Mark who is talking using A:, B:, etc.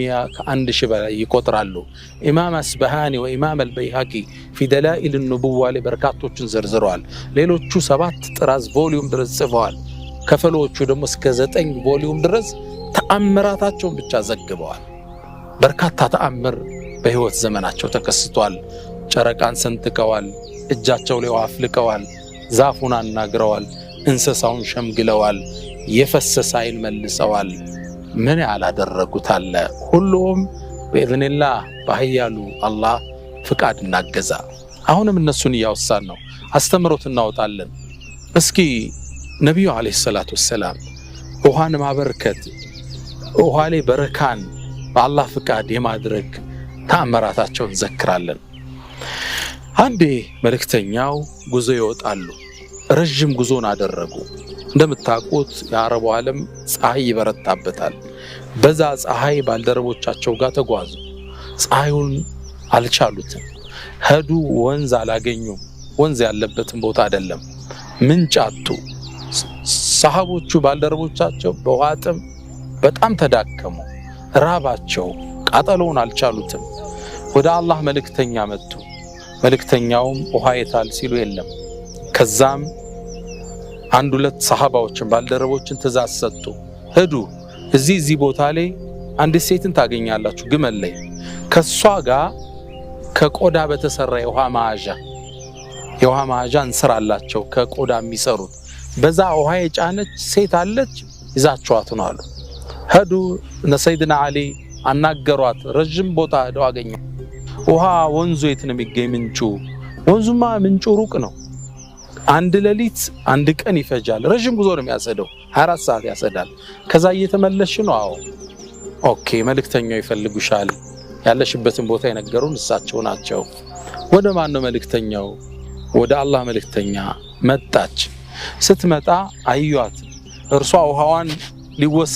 A: ሚያ ከአንድ ሺህ በላይ ይቆጥራሉ። ኢማም አስበሃኒ ወኢማም አልበይሃቂ ፊ ደላኢል ኑቡዋ ላይ በርካቶችን ዘርዝረዋል። ሌሎቹ ሰባት ጥራዝ ቮሊዩም ድረስ ጽፈዋል። ከፈሎቹ ደግሞ እስከ ዘጠኝ ቮሊዩም ድረስ ተአምራታቸውን ብቻ ዘግበዋል። በርካታ ተአምር በህይወት ዘመናቸው ተከስቷል። ጨረቃን ሰንጥቀዋል። እጃቸው ላይ ውሃ አፍልቀዋል። ዛፉን አናግረዋል። እንስሳውን ሸምግለዋል። የፈሰሰ አይን መልሰዋል። ምን ያላደረጉት አለ? ሁሉም በኢዝንላ በሀያሉ አላህ ፍቃድ እናገዛ። አሁንም እነሱን እያወሳን ነው፣ አስተምሮት እናወጣለን። እስኪ ነቢዩ ዓለይሂ ሰላቱ ወሰላም ውሃን ማበረከት ውሃ ላይ በረካን በአላህ ፍቃድ የማድረግ ተአምራታቸውን እንዘክራለን። አንዴ መልእክተኛው ጉዞ ይወጣሉ። ረዥም ጉዞን አደረጉ። እንደምታውቁት የአረቡ ዓለም ፀሐይ ይበረታበታል። በዛ ፀሐይ ባልደረቦቻቸው ጋር ተጓዙ። ፀሐዩን አልቻሉትም። ሄዱ፣ ወንዝ አላገኙም። ወንዝ ያለበትን ቦታ አይደለም፣ ምንጭ አጡ። ሰሃቦቹ ባልደረቦቻቸው በውሃ ጥም በጣም ተዳከሙ፣ ራባቸው፣ ቃጠሎውን አልቻሉትም። ወደ አላህ መልእክተኛ መጡ። መልእክተኛውም ውሃ የታል ሲሉ የለም። ከዛም አንድ ሁለት ሰሃባዎችን ባልደረቦችን ትእዛዝ ሰጡ። ሂዱ እዚህ እዚህ ቦታ ላይ አንዲት ሴትን ታገኛላችሁ፣ ግመል ላይ ከሷ ጋር ከቆዳ በተሰራ የውሃ መያዣ የውሃ መያዣ እንስራላቸው። ከቆዳ የሚሰሩት በዛ ውሃ የጫነች ሴት አለች፣ ይዛችኋት ነው አሉ። ሂዱ እነ ሰይድና አሊ አናገሯት። ረዥም ቦታ ሄደው አገኘ። ውሃ ወንዙ የት ነው የሚገኝ? ምንጩ ወንዙማ ምንጩ ሩቅ ነው አንድ ሌሊት አንድ ቀን ይፈጃል። ረዥም ጉዞ ነው የሚያጸደው፣ 24 ሰዓት ያጸዳል። ከዛ እየተመለሽ ነው። አዎ ኦኬ። መልእክተኛው ይፈልጉሻል። ያለሽበትን ቦታ የነገሩን እሳቸው ናቸው። ወደ ማን ነው መልእክተኛው? ወደ አላህ መልእክተኛ መጣች። ስትመጣ አዩዋት። እርሷ ውሃዋን ሊወሰ